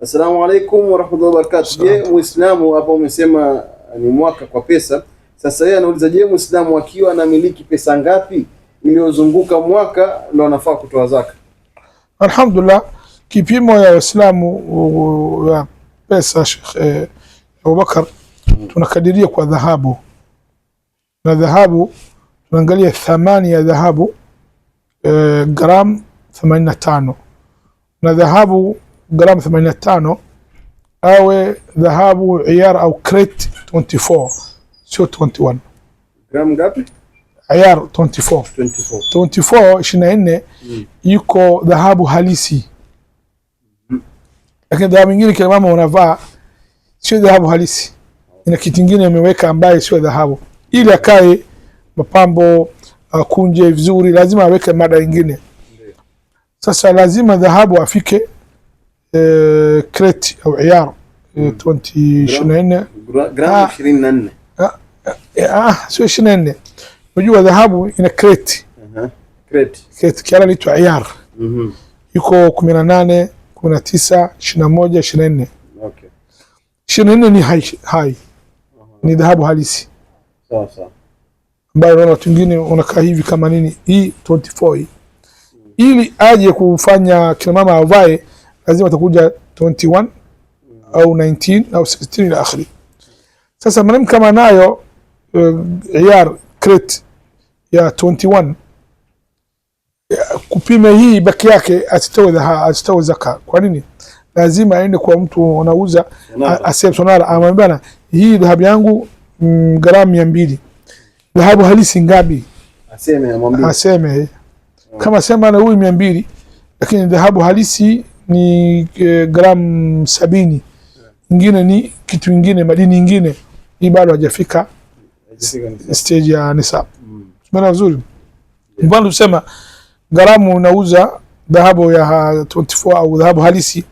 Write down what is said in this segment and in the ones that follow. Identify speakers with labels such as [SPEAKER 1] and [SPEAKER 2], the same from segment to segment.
[SPEAKER 1] Assalamu alaikum wa barakatuh. Je, Muislamu hapo umesema ah, ni mwaka kwa pesa. Sasa yeye anauliza je, Muislamu akiwa anamiliki pesa ngapi iliyozunguka mwaka ndio anafaa kutoa zaka?
[SPEAKER 2] Alhamdulillah, kipimo ya Waislamu ya pesa Sheikh eh, Abubakar hmm. tunakadiria kwa dhahabu na dhahabu tunaangalia thamani ya dhahabu eh, gram 85 na dhahabu gramu 85 awe dhahabu iyar au crate 24 sio 21 gramu ngapi iyar 24 24 24 24 yuko dhahabu halisi lakini dhahabu nyingine kile mama unavaa sio dhahabu halisi ina kitu kingine ameweka ambaye sio dhahabu ili akae mapambo akunje vizuri lazima aweke mada nyingine sasa lazima dhahabu afike kreti au عيار 20 sio جرام na nne. اه dhahabu ina kreti, kila inaitwa Iyar, iko mhm. kumi na nane, kumi na tisa, ishirini na moja, ishirini nne. Ishirini na nne ni hai, ni dhahabu halisi ambayo naona watu wengine wanakaa hivi kama nini, hii e 24 ili aje kufanya mama avae lazima atakuja 21 mm. au 19 au 16 ila akhiri. Sasa manemu kama nayo iar eh, uh, crate ya 21 kupima hii baki yake asitoe zaka. Kwa nini? Lazima aende kwa mtu anauza asiyesonara, amwambia hii dhahabu yangu mm, gramu mia mbili, dhahabu halisi ngapi?
[SPEAKER 1] Aseme, amwambie,
[SPEAKER 2] aseme mm. kama sema na huyu mia mbili, lakini dhahabu halisi ni e, eh, gramu sabini, ingine ni kitu ingine, madini ingine, hii bado hajafika stage ya nisab. Mm. Umeona vizuri? Mfano tusema gramu unauza dhahabu ya 24 au dhahabu halisi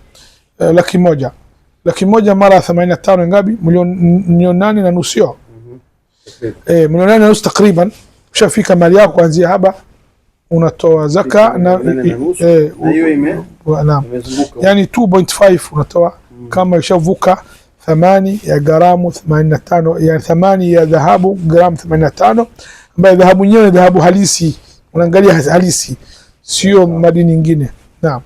[SPEAKER 2] e, laki moja laki moja mara 85 ngapi? Milioni nane na nusu. mm -hmm. Eh, milioni nane na nusu takriban, ushafika mali yako kuanzia hapa unatoa zaka na yani 2.5 unatoa hmm. kama ishavuka thamani ya gramu 85 yani thamani ya dhahabu gramu 85, ambayo dhahabu yenyewe dhahabu halisi, unaangalia halisi, sio madini nyingine. Naam.